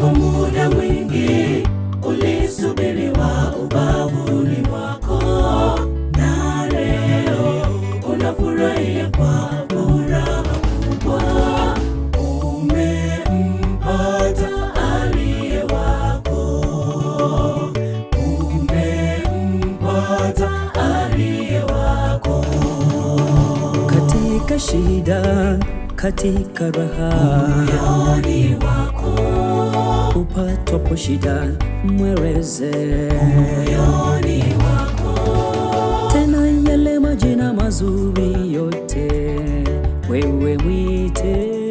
kwa muda mwingi ulisubiriwa ubavuni mwako, na leo unafurahia kwa furaha kubwa. Umempata aliye wako, umempata aliye wako, katika shida, katika raha moyoni wako upatapo shida mweleze moyoni wako, tena yale majina mazuri yote wewe mwite